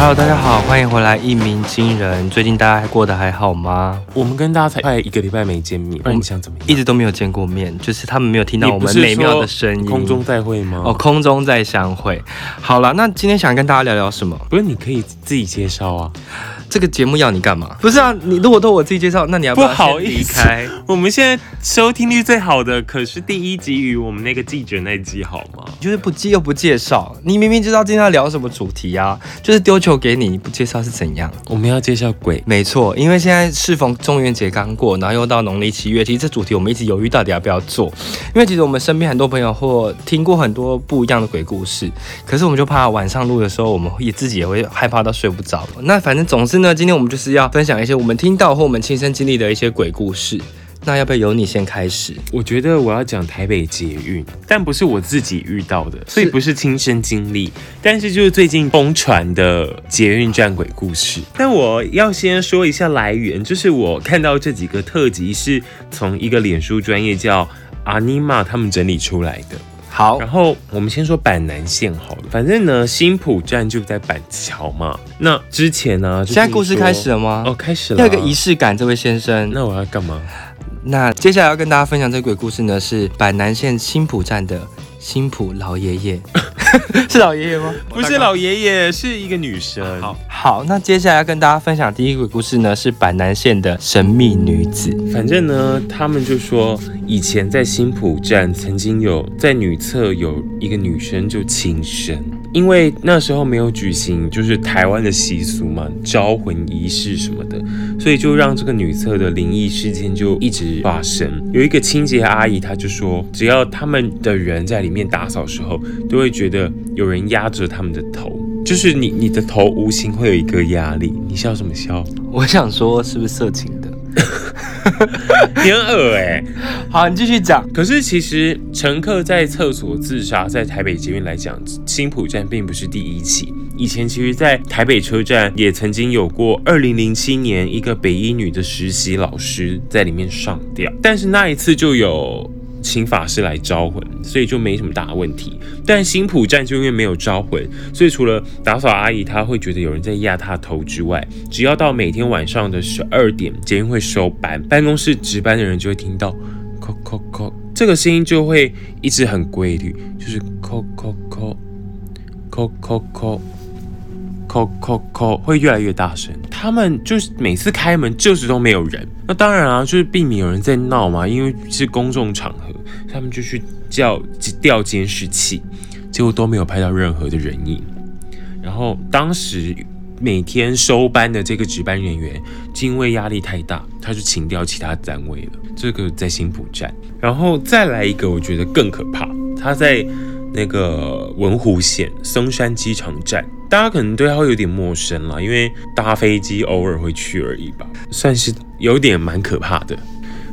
Hello，大家好，歡迎回來一鳴驚人。最近大家過得還好嗎？我們跟大家才快一個禮拜沒見面，我們想怎麼樣？一直都沒有見過面，就是他們沒有聽到我們美妙的聲音。空中再會嗎？哦，空中再相會。好啦，那今天想跟大家聊聊什麼？不然你可以自己介紹啊。這個節目要你幹嘛？不是啊，你如果都我自己介紹，那你要不要先離開？不好意思，我們現在收聽率最好的可是第一集與我們那個記者那集好嗎？就是不記又不介紹，你明明知道今天要聊什麼主題啊，就是丟球給你，你不介紹是怎樣？我們要介紹鬼，沒錯，因為現在適逢中元節剛過，然後又到農曆七月，其實這主題我們一直猶豫到底要不要做，因為其實我們身邊很多朋友或聽過很多不一樣的鬼故事，可是我們就怕晚上錄的時候，我們也自己也會害怕到睡不着。那反正總是呢。那今天我們就是要分享一些我們聽到和我們親身經歷的一些鬼故事。那要不要由你先開始？我覺得我要講台北捷運，但不是我自己遇到的，是所以不是親身經歷。但是就是最近瘋傳的捷運站鬼故事。那我要先說一下來源，就是我看到這幾個特輯是從一個臉書專業叫阿尼瑪他們整理出來的。好，然後我們先說板南線好了。反正呢，新埔站就在板橋嘛。那之前呢、啊，現在故事開始了嗎？哦，開始了。要有個儀式感，這位先生。那我要幹嘛？那接下來要跟大家分享這個鬼故事呢，是板南線新埔站的。新埔老爺爺 是老爺爺嗎？不是老爺爺，是一個女生。好，好，那接下來要跟大家分享第一個故事呢，是板南線的神秘女子。反正呢，他們就說以前在新埔站曾經有在女廁有一個女生就輕生。因為那時候沒有舉行，就是台灣的習俗嘛，招魂儀式什麼的，所以就讓這個女廁的靈異事件就一直發生。有一個清潔的阿姨，她就說，只要他們的人在裡面打掃時候，都會覺得有人壓着他們的頭，就是你你的頭無形會有一個壓力。你笑什麼笑？我想說，是不是色情的？ 你很惡哎、欸，好，你繼續講。可是其實乘客在廁所自殺，在台北捷運來講，新埔站並不是第一起。以前其實，在台北車站也曾經有過，二零零七年一個北一女的實習老師在裡面上吊，但是那一次就有。請法師來招魂，所以就沒什麼大問題。但新埔站就因為沒有招魂，所以除了打掃阿姨，她會覺得有人在壓她頭之外，只要到每天晚上的十二點，捷運會收班，辦公室值班的人就會聽到，叩叩叩，這個聲音就會一直很規律，就是叩叩叩、叩叩叩叩扣扣扣會越來越大聲，他們就是每次開門就是都沒有人，那當然啊，就是避免有人在鬧嘛，因為是公眾場合，他們就去叫調監視器，結果都沒有拍到任何的人影。然後當時每天收班的這個值班人員，因為壓力太大，他就請調其他單位了，這個在新埔站。然後再來一個，我覺得更可怕，他在。那個文湖線松山機場站，大家可能對他會有點陌生啦，因為搭飛機偶爾會去而已吧，算是有點蠻可怕的。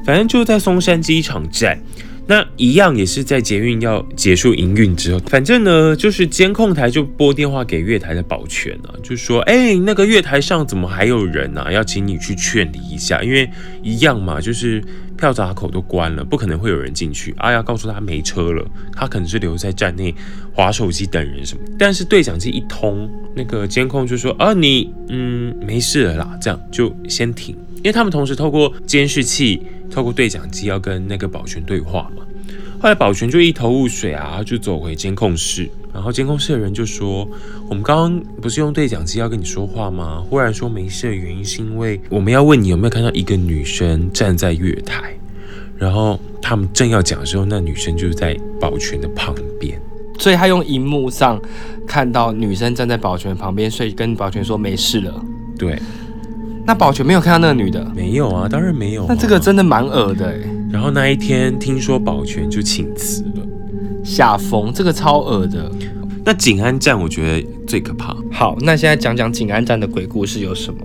反正就在松山機場站，那一樣也是在捷運要結束營運之後，反正呢就是監控台就撥電話給月台的保全啊，就說哎、欸、那個月台上怎麼還有人吶、啊？要請你去勸離一下，因為一樣嘛，就是。票閘口都關了，不可能會有人進去。阿、啊、呀，告訴他沒車了，他可能是留在站內滑手機等人什麼。但是對講機一通，那個監控就說：“啊，你嗯沒事了啦。”這樣就先停，因為他們同時透過監視器、透過對講機要跟那個保全對話嘛。後來保全就一頭霧水啊，就走回監控室。然後監控室的人就說：“我們剛剛不是用對講機要跟你說話嗎？忽然說沒事的原因是因為我們要問你有沒有看到一個女生站在月台，然後他們正要講的時候，那女生就是在保全的旁邊。所以他用熒幕上看到女生站在保全旁邊，所以跟保全說沒事了。對，那保全沒有看到那個女的，沒有啊，當然沒有、啊。那這個真的蠻惡的、欸。然後那一天聽說保全就請辭了。”下風，這個超惡的。那景安站，我覺得最可怕。好，那現在講講景安站的鬼故事有什麼？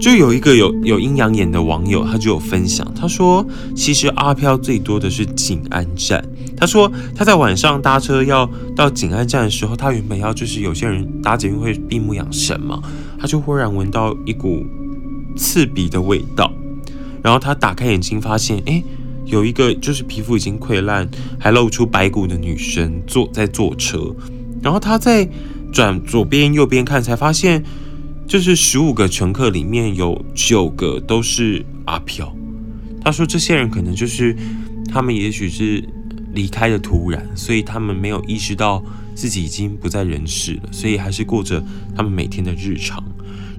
就有一個有有陰陽眼的網友，他就有分享，他說其實阿飄最多的是景安站。他說他在晚上搭車要到景安站的時候，他原本要就是有些人搭捷運會閉目養神嘛，他就忽然聞到一股刺鼻的味道，然後他打開眼睛發現，誒。有一個就是皮膚已經潰爛，還露出白骨的女生坐在坐車，然後她在轉左邊右邊看，才發現就是十五個乘客裡面有九個都是阿飄。他說這些人可能就是他們，也許是離開的突然，所以他們沒有意識到自己已經不在人世了，所以還是過着他們每天的日常。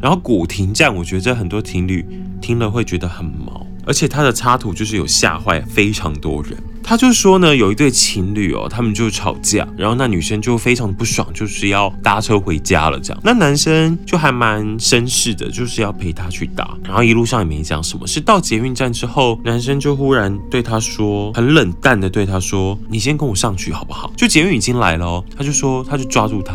然後古亭站，我覺得這很多情侶聽了會覺得很毛。而且他的插圖就是有嚇壞非常多人。他就說呢，有一對情侶哦、喔，他們就吵架，然後那女生就非常不爽，就是要搭車回家了這樣。那男生就還蠻紳士的，就是要陪她去搭，然後一路上也沒講什麼。是到捷運站之後，男生就忽然對他說，很冷淡的對他說，你先跟我上去好不好？就捷運已經來了，他就說他就抓住她，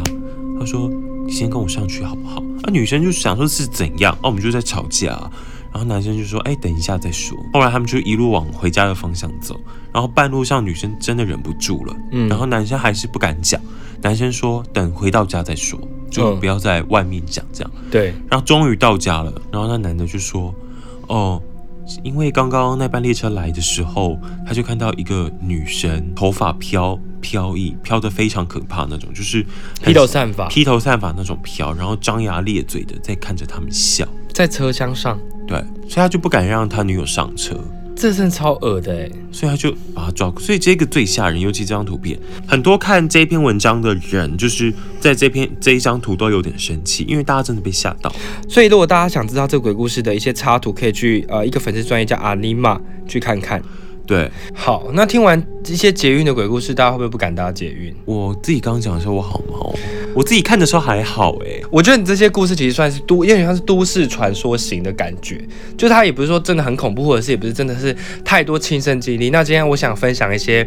他說，你先跟我上去好不好？那、喔他他好好啊、女生就想說是怎樣？哦，我們就在吵架、啊。然後男生就說：“哎，等一下再說。”後來他們就一路往回家的方向走。然後半路上，女生真的忍不住了。嗯。然後男生還是不敢講。男生說：“等回到家再說，就不要在外面講這樣。”嗯，對。然後終於到家了。然後那男的就說：“哦，因為剛剛那班列車來的時候，他就看到一個女生頭髮飄飄逸，飄得非常可怕那種，就是披頭散髮、披頭散髮那種飄，然後張牙咧嘴的在看着他們笑。”在車廂上，對，所以他就不敢讓他女友上車，這真的是超惡的、欸、所以他就把他抓，所以這個最嚇人，尤其這張圖片，很多看這一篇文章的人就是在這篇這一張圖都有點生氣，因為大家真的被嚇到。所以如果大家想知道這鬼故事的一些插圖，可以去呃一個粉絲專頁叫阿尼瑪去看看。對，好，那聽完一些捷運的鬼故事，大家會不會不敢搭捷運？我自己剛剛講的時候，我好毛，我自己看的時候還好哎、欸。我覺得這些故事其實算是都，因為它是都市傳說型的感覺，就它也不是說真的很恐怖，或者是也不是真的是太多親身經歷。那今天我想分享一些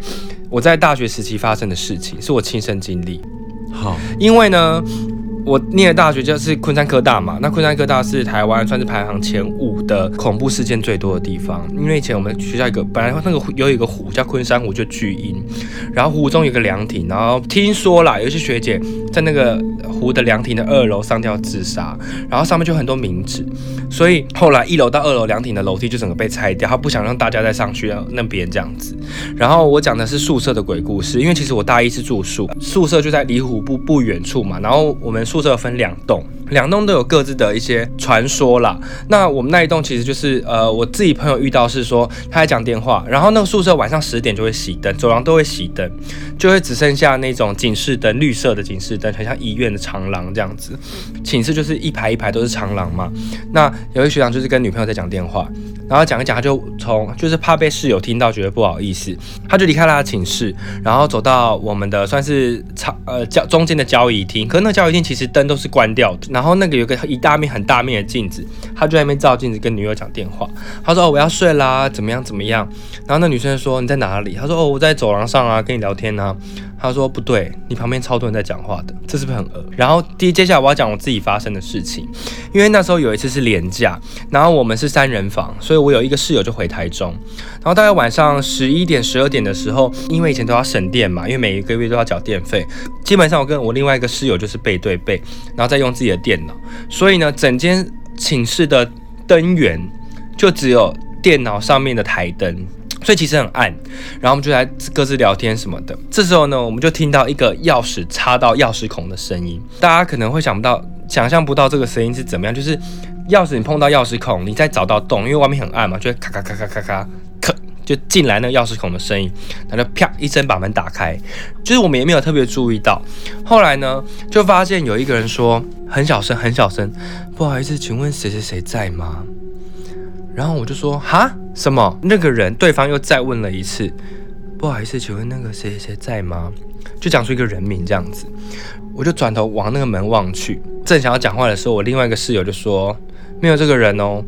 我在大學時期發生的事情，是我親身經歷。好，因為呢。我念的大學就是昆山科大嘛，那昆山科大是台灣算是排行前五的恐怖事件最多的地方，因為以前我們學校一個本來那個有一個湖叫昆山湖，就巨嬰，然後湖中有個涼亭，然後聽說啦，有些學姐在那個湖的涼亭的二樓上吊自殺，然後上面就很多名字，所以後來一樓到二樓涼亭的樓梯就整個被拆掉，他不想讓大家再上去那邊這樣子。然後我講的是宿舍的鬼故事，因為其實我大一是住宿，宿舍就在離湖部不不遠處嘛，然後我們。宿舍分兩棟。兩棟都有各自的一些傳說啦。那我們那一棟其實就是，呃，我自己朋友遇到是說，他在講電話，然後那個宿舍晚上十點就會熄燈，走廊都會熄燈，就會只剩下那種警示燈，綠色的警示燈，很像醫院的長廊這樣子。寢室就是一排一排都是長廊嘛。那有一學長就是跟女朋友在講電話，然後講一講，他就從就是怕被室友聽到，覺得不好意思，他就離開了寢室，然後走到我們的算是長呃交中間的交誼廳。可是那個交誼廳其實燈都是關掉的。然後那個有個一大面很大面的鏡子，他就在那邊照鏡子，跟女友講電話。他說：“哦，我要睡啦，怎麼樣怎麼樣？”然後那女生就說：“你在哪裡？”他說：“哦，我在走廊上啊，跟你聊天呢、啊。”他說，不對，你旁邊超多人在講話的，這是不是很惡？然後第接下來我要講我自己發生的事情，因為那時候有一次是連假，然後我們是三人房，所以我有一個室友就回台中，然後大概晚上十一點十二點的時候，因為以前都要省電嘛，因為每一個月都要繳電費，基本上我跟我另外一個室友就是背對背，然後再用自己的電腦，所以呢，整間寢室的燈源就只有電腦上面的檯燈。所以其實很暗，然後我們就在各自聊天什麼的。這時候呢，我們就聽到一個鑰匙插到鑰匙孔的聲音。大家可能會想不到，想象不到這個聲音是怎麼樣，就是鑰匙你碰到鑰匙孔，你再找到洞，因為外面很暗嘛，就咔咔咔咔咔咔，咔就進來那個鑰匙孔的聲音，然後就啪一聲把門打開。就是我們也沒有特別注意到。後來呢，就發現有一個人說很小聲很小聲，不好意思，請問誰誰誰在嗎？然後我就說，哈，什麼那個人？對方又再問了一次，不好意思，請問那個誰誰在嗎？就講出一個人名這樣子。我就轉頭往那個門望去，正想要講話的時候，我另外一個室友就說，沒有這個人哦。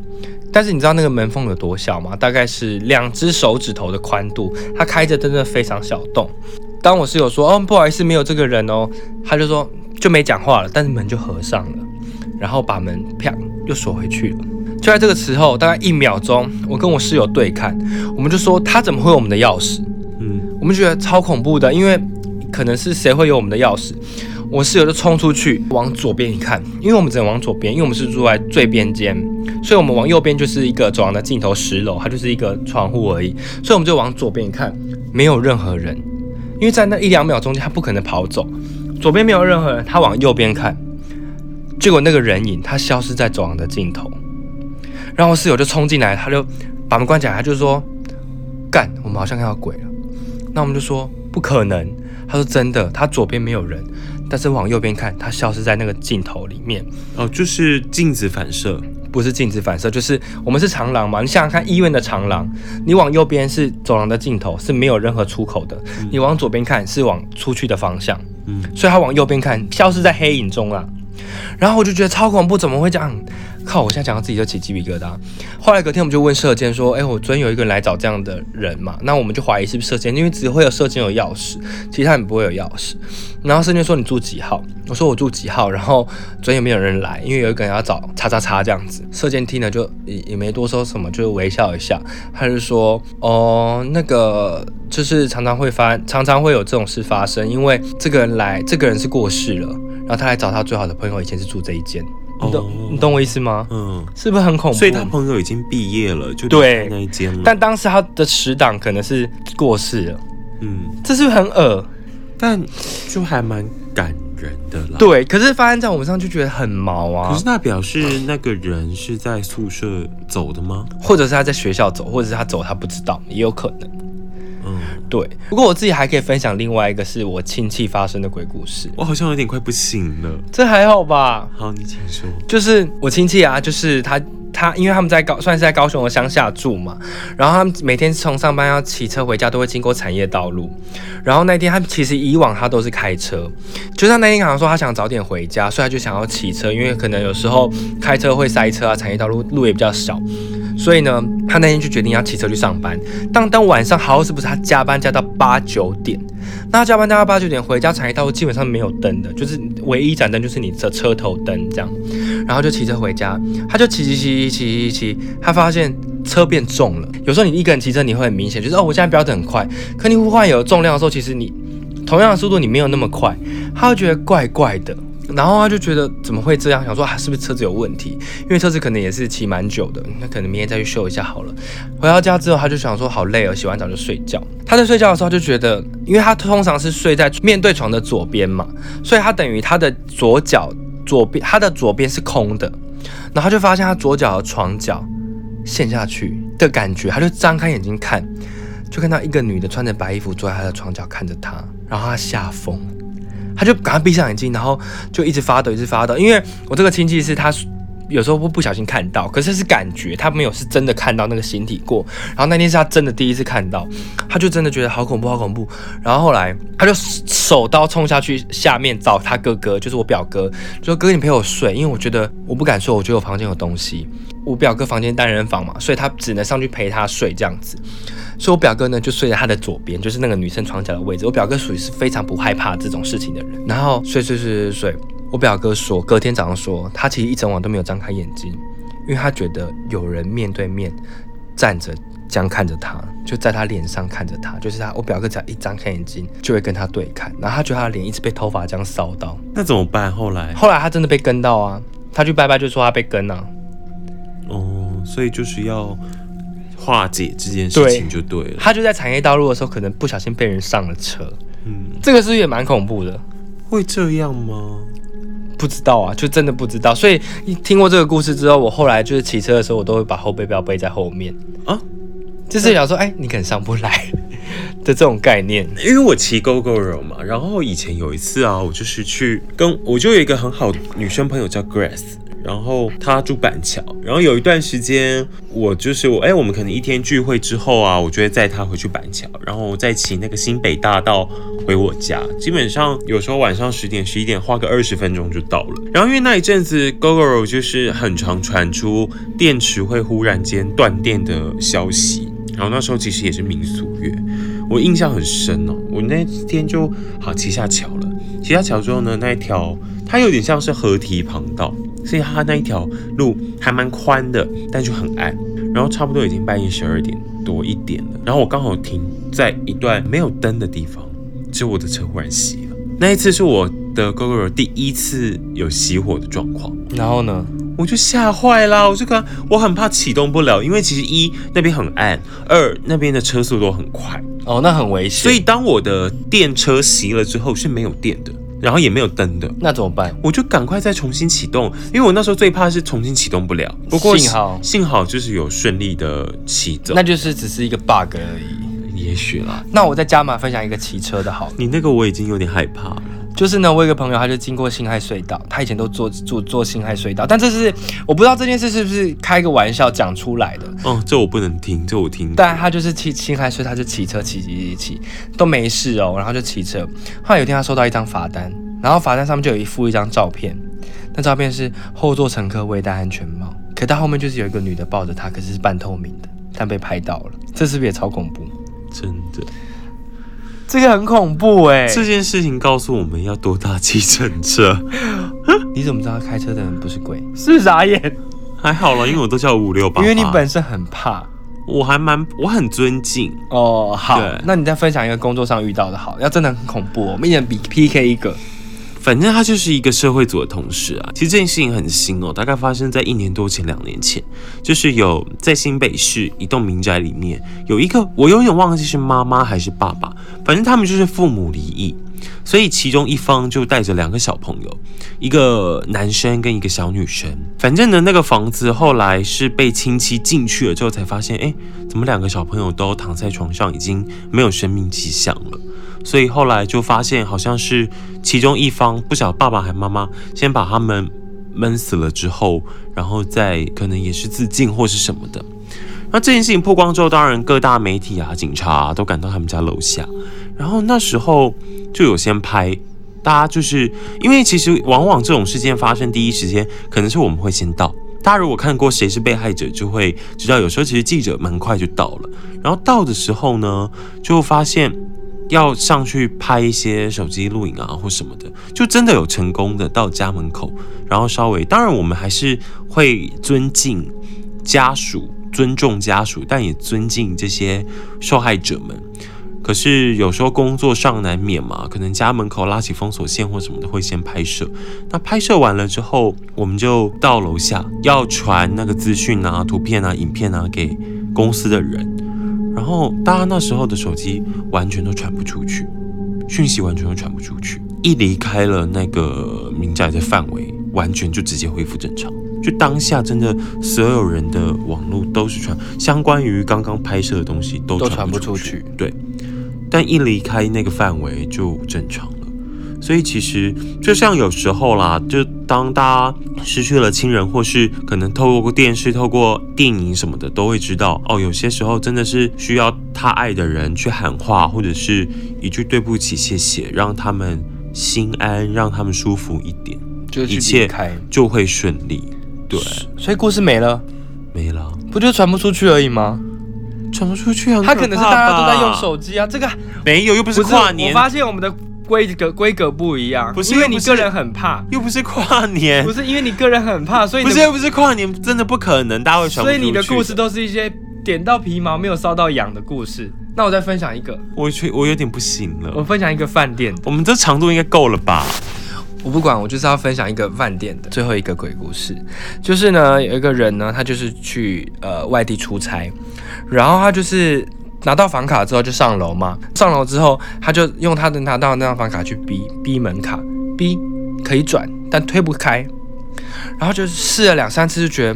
但是你知道那個門縫有多小嗎？大概是兩只手指頭的寬度，它開着真的非常小洞。當我室友說，哦，不好意思，沒有這個人哦，他就說，就沒講話了，但是門就合上了，然後把門，啪，又鎖回去了。就在這個時候，大概一秒鐘，我跟我室友對看，我們就說他怎麼會有我們的鑰匙？嗯，我們覺得超恐怖的，因為可能是誰會有我們的鑰匙？我室友就衝出去往左邊一看，因為我們只能往左邊，因為我們是住在最邊間，所以我們往右邊就是一個走廊的盡頭，十樓它就是一個窗戶而已，所以我們就往左邊一看，沒有任何人，因為在那一兩秒鐘間他不可能跑走，左邊沒有任何人，他往右邊看，結果那個人影他消失在走廊的盡頭。然後我室友就衝進來，他就把門關起來，他就說：“幹，我們好像看到鬼了。”那我們就說：“不可能。”他說：“真的。”他左邊沒有人，但是往右邊看，他消失在那個鏡頭裡面。哦，就是鏡子反射，不是鏡子反射，就是我們是長廊嘛。你想想看醫院的長廊，你往右邊是走廊的盡頭，是沒有任何出口的。嗯。你往左邊看是往出去的方向。嗯。所以他往右邊看，消失在黑影中了。然後我就覺得超恐怖，怎麼會這樣？靠！我現在講到自己都起雞皮疙瘩、啊。後來隔天我們就問舍監說：“哎、欸，我昨天有一個人來找這樣的人嘛？”那我們就懷疑是不是舍監，因為只會有舍監有鑰匙，其他人不會有鑰匙。然後舍監說：“你住幾號？”我說：“我住幾號。”然後昨天有沒有人來？因為有一個人要找叉叉叉這樣子。舍監聽呢就也也沒多說什麼，就微笑一下。他就說：“哦，那個就是常常會發，常常會有這種事發生，因為這個人來，這個人是過世了，然後他來找他最好的朋友，以前是住這一間。”你懂、oh, 你懂我意思嗎？嗯，是不是很恐怖？所以他朋友已經畢業了，就對那一間。但當時他的死黨可能是過世了，嗯，這是不是很惡？但就還蠻感人的啦。對，可是發生在我們上就覺得很毛啊。可是那表示那個人是在宿舍走的嗎？或者是他在學校走，或者是他走他不知道，也有可能。對，不過我自己還可以分享另外一個是我親戚發生的鬼故事，我好像有點快不行了，這還好吧？好，你請說，就是我親戚啊，就是他。他因為他們在高，算是在高雄的鄉下住嘛，然後他們每天從上班要騎車回家，都會經過產業道路。然後那天他其實以往他都是開車，就像他那天好像說他想早點回家，所以他就想要騎車，因為可能有時候開車會塞車啊，產業道路路也比較小，所以呢，他那天就決定要騎車去上班。但當晚上好像是不是他加班加到八九點。那加班加到八九點回家才，產業道路基本上沒有燈的，就是唯一一盞燈就是你的車，車頭燈這樣，然後就騎車回家，他就騎騎騎騎騎騎，騎，他發現車變重了。有時候你一個人騎車你會很明顯，就是哦我現在飆得很快，可你呼喚有重量的時候，其實你同樣的速度你沒有那麼快，他會覺得怪怪的。然後他就覺得怎麼會這樣？想說是不是車子有問題？因為車子可能也是騎蠻久的，那可能明天再去修一下好了。回到家之後，他就想說好累哦，洗完澡就睡覺。他在睡覺的時候，就覺得，因為他通常是睡在面對床的左邊嘛，所以他等於他的左腳左邊，他的左邊是空的。然後他就發現他左腳的床腳陷下去的感覺，他就張開眼睛看，就看到一個女的穿着白衣服坐在他的床腳看着他，然後他嚇瘋。他就趕快閉上眼睛，然後就一直發抖，一直發抖。因為我這個親戚是他。有時候不不小心看到，可是是感覺他沒有是真的看到那個形體過，然後那天是他真的第一次看到，他就真的覺得好恐怖好恐怖，然後後來他就手刀衝下去下面找他哥哥，就是我表哥，就說，哥哥你陪我睡，因為我覺得我不敢睡，我覺得我房間有東西，我表哥房間單人房嘛，所以他只能上去陪他睡這樣子，所以我表哥呢就睡在他的左邊，就是那個女生床腳的位置，我表哥屬於是非常不害怕這種事情的人，然後睡睡睡睡睡。我表哥說，隔天早上說，他其實一整晚都沒有張開眼睛，因為他覺得有人面對面站着這樣看着他，就在他臉上看着他，就是他。我表哥只要一張開眼睛，就會跟他對看，然後他覺得他的臉一直被頭髮這樣搔到。那怎麼辦？後來，後來他真的被跟到啊，他就拜拜就說他被跟了啊。哦，所以就是要化解這件事情就對了。對。他就在產業道路的時候，可能不小心被人上了車。嗯，這個事也蠻恐怖的，會這樣嗎？不知道啊，就真的不知道。所以聽過這個故事之後，我後來就是騎車的時候，我都會把後背包背在後面啊，就是想說，哎、嗯欸，你可能上不來的這種概念。因為我騎 Go Go Road 嘛，然後以前有一次啊，我就是去跟我就有一個很好女生朋友叫 Grace。然後他住板橋，然後有一段時間，我就是我哎、欸，我們可能一天聚會之後啊，我就會載他回去板橋，然後再騎那個新北大道回我家。基本上有時候晚上十點、十一點，花個二十分鐘就到了。然後因為那一陣子 Gogoro 就是很常傳出電池會忽然間斷電的消息，然後那時候其實也是民俗月，我印象很深哦。我那天就好像騎下橋了，騎下橋之後呢，那一條它有點像是河堤旁道。所以它那一條路還蠻寬的，但卻很暗。然後差不多已經半夜十二點多一點了。然後我剛好停在一段沒有燈的地方，就我的車忽然熄了。那一次是我的 GoGoRo 第一次有熄火的狀況。然後呢，我就嚇壞了，我就感我很怕啟動不了，因為其實一那邊很暗，二那邊的車速都很快。哦，那很危險。所以當我的電車熄了之後是沒有電的。然後也沒有燈的，那怎麼辦？我就趕快再重新啟動，因為我那時候最怕是重新啟動不了。不過幸好，幸好就是有順利的啟動，那就是只是一個 bug 而已，也許啦。那我再加碼分享一個騎車的好了， 你那個我已經有點害怕了。就是呢，我一個朋友，他就經過辛亥隧道，他以前都坐坐坐辛亥隧道，但這是我不知道這件事是不是開個玩笑講出來的。嗯、哦，這我不能聽，這我聽。但他就是騎辛亥隧道，他就騎車騎騎騎，騎，都沒事哦，然後就騎車。後來有一天他收到一張罰單，然後罰單上面就有一副一張照片，那照片是後座乘客未戴安全帽，可他後面就是有一個女的抱着他，可是是半透明的，但被拍到了，這是不是也超恐怖？真的。這個很恐怖哎、欸！這件事情告訴我們要多打計程車。 你怎麼知道開車的人不是鬼？是傻眼。還好了，因為我都叫五六八。因為你本身很怕。我還蠻，我很尊敬哦。好，對那你再分享一個工作上遇到的好，好要真的很恐怖、哦，我們一人比 PK 一個。反正他就是一個社會組的同事啊，其實這件事情很新哦，大概發生在一年多前，兩年前，就是有在新北市一棟民宅裡面有一個，我有點忘記是媽媽還是爸爸，反正他們就是父母離異，所以其中一方就帶着兩個小朋友，一個男生跟一個小女生，反正呢，那個房子後來是被親戚進去了之後才發現，哎，怎麼兩個小朋友都躺在床上，已經沒有生命跡象了。所以後來就發現，好像是其中一方不曉得爸爸還媽媽，先把他們悶死了之後，然後再可能也是自盡或是什麼的。那這件事情曝光之後，當然各大媒體啊、警察、啊、都趕到他們家樓下。然後那時候就有先拍，大家就是因為其實往往這種事件發生第一時間，可能是我們會先到。大家如果看過《誰是被害者》，就會知道有時候其實記者蠻快就到了。然後到的時候呢，就發現。要上去拍一些手機錄影啊，或什麼的，就真的有成功的到家門口，然後稍微，當然我們還是會尊敬家屬、尊重家屬，但也尊敬這些受害者們。可是有時候工作上難免嘛，可能家門口拉起封鎖線或什麼的會先拍攝，那拍攝完了之後，我們就到樓下要傳那個資訊啊、圖片啊、影片啊給公司的人。然後大家那時候的手機完全都傳不出去，訊息完全都傳不出去。一離開了那個民宅的範圍，完全就直接恢復正常。就當下真的所有人的網絡都是傳，相關於剛剛拍攝的東西都傳不出去。出去對，但一離開那個範圍就正常了。所以其實就像有時候啦，就。當大家失去了親人，或是可能透過電視、透過電影什麼的，都會知道哦。有些時候真的是需要他愛的人去喊話，或者是一句對不起、謝謝，讓他們心安，讓他們舒服一點，就一切就會順利。對，所以故事沒了，沒了，不就傳不出去而已嗎？傳不出去啊，他可能是大家都在用手機啊。這個沒有，又不是跨年，我發現我們的。規格規格不一樣，不是因為，因為你個人很怕，又不是跨年，不是因為你個人很怕，所以不是，又不是跨年，真的不可能大家會想。所以你的故事都是一些點到皮毛，沒有搔到癢的故事。那我再分享一個，我去，我有點不行了。我分享一個飯店，我們這長度應該夠了吧？我不管，我就是要分享一個飯店的最後一個鬼故事，就是呢，有一個人呢，他就是去呃外地出差，然後他就是。拿到房卡之後就上樓嘛，上樓之後他就用他的拿到那張房卡去逼逼門卡，逼可以轉，但推不開。然後就試了兩三次，就覺得，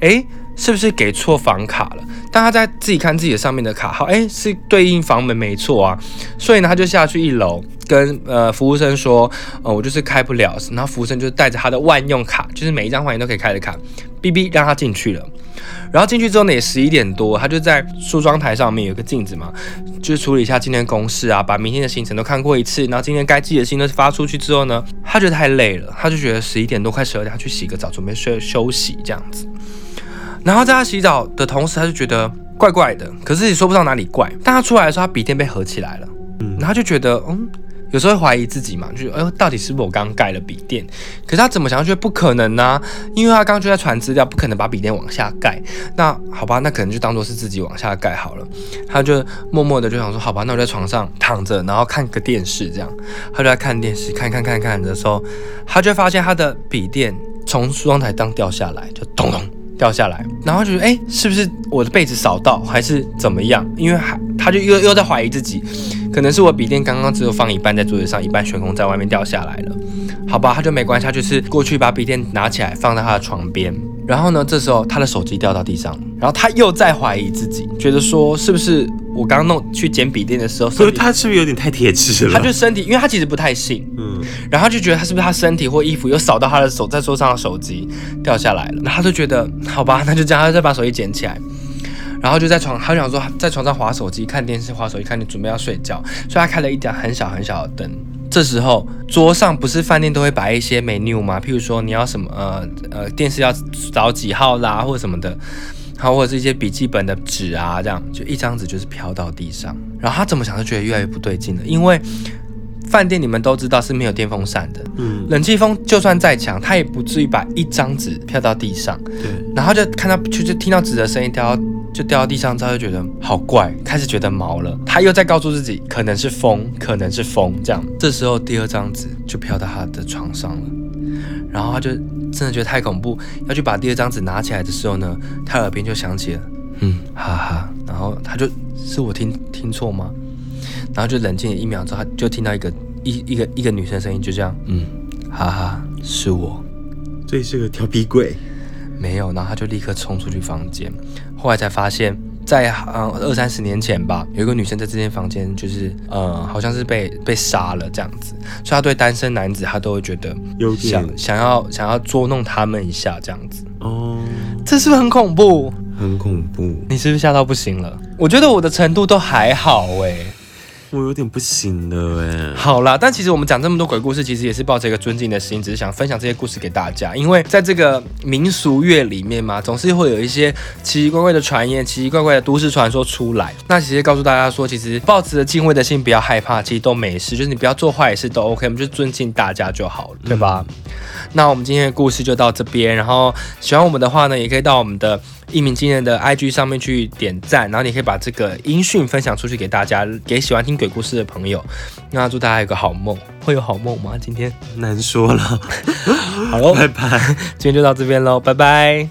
哎、欸，是不是給錯房卡了？但他在自己看自己的上面的卡號，哎、欸，是對應房門沒錯啊。所以呢，他就下去一樓跟呃服務生說，呃，我就是開不了。然後服務生就帶着他的萬用卡，就是每一張房間都可以開的卡逼逼讓他進去了。然後進去之後呢，也十一點多，他就在梳妝台上面有個鏡子嘛，就處理一下今天的公事啊，把明天的行程都看過一次。然後今天該寄的信都發出去之後呢，他覺得太累了，他就覺得十一點多快十二點，他去洗個澡，準備睡休息這樣子。然後在他洗澡的同時，他就覺得怪怪的，可是也說不上哪裡怪。當他出來的時候，他筆電被合起來了，然後他就覺得嗯。有時候會懷疑自己嘛，就說，哎呦，到底是不是我剛蓋了筆電？可是他怎麼想，覺得不可能呢、啊？因為他剛剛就在傳資料，不可能把筆電往下蓋。那好吧，那可能就當做是自己往下蓋好了。他就默默的就想說，好吧，那我在床上躺着，然後看個電視這樣。他就在看電視，看看看看的時候，他就發現他的筆電從梳妝台當掉下來，就咚咚。掉下來，然後就覺得，哎，是不是我的被子掃到，還是怎麼樣？因為還，他就又又在懷疑自己，可能是我筆電剛剛只有放一半在桌子上，一半懸空在外面掉下來了。好吧，他就沒關係，他就是過去把筆電拿起來放在他的床邊。然後呢，這時候他的手機掉到地上，然後他又在懷疑自己，覺得說是不是我剛弄去撿筆電的時候，所以他是不是有點太鐵齒了？他就身體，因為他其實不太信，嗯，然後他就覺得他是不是他身體或衣服又掃到他的手，在桌上的手機掉下來了，然後他就覺得好吧，那就這樣，他就再把手機撿起來，然後就在床，他就想說在床上滑手機、看電視、滑手機，看你準備要睡覺，所以他開了一盞很小很小的燈。這時候桌上不是飯店都會擺一些 menu 嗎？譬如說你要什麼呃呃電視要找幾號啦，或者什麼的，然後或者是一些筆記本的紙啊，這樣就一張紙就是飄到地上。然後他怎麼想都覺得越來越不對勁了，因為飯店你們都知道是沒有電風扇的，嗯，冷氣風就算再強，他也不至於把一張紙飄到地上。對，然後就看到就就聽到紙的聲音掉。就掉到地上，之後，就覺得好怪，開始覺得毛了。他又在告訴自己，可能是風，可能是風。這樣，這時候第二張紙就飄到他的床上了，然後他就真的覺得太恐怖，要去把第二張紙拿起來的時候呢，他耳邊就響起了，嗯，哈哈。然後他就是我聽聽錯嗎？然後就冷靜了一秒鐘，他就聽到一個一一個一個女生聲音，就這樣，嗯，哈哈，是我，這是個調皮鬼，沒有。然後他就立刻衝出去房間。後來才發現，在二三十年前吧，有一個女生在這間房間，就是呃、嗯、好像是被被殺了這樣子，所以她對單身男子她都會覺得想有點，想要想要捉弄他們一下這樣子。哦，這是不是很恐怖？很恐怖！你是不是嚇到不行了？我覺得我的程度都還好哎、欸。我有點不行了哎、欸。好啦，但其實我們講這麼多鬼故事，其實也是抱着一個尊敬的心，只是想分享這些故事給大家。因為在這個民俗月裡面嘛，總是會有一些奇奇怪怪的傳言、奇奇怪怪的都市傳說出來。那其實告訴大家說，其實抱持著敬畏的心，不要害怕，其實都沒事，就是你不要做壞事都 OK，我們就尊敬大家就好了，嗯、對吧？那我們今天的故事就到這邊，然後喜歡我們的話呢，也可以到我們的。羿旼驚人的 IG 上面去點讚，然後你可以把這個音訊分享出去給大家，給喜歡聽鬼故事的朋友。那祝大家有個好夢，會有好夢嗎？今天難說了。好嘍囉，拜拜，今天就到這邊嘍，拜拜。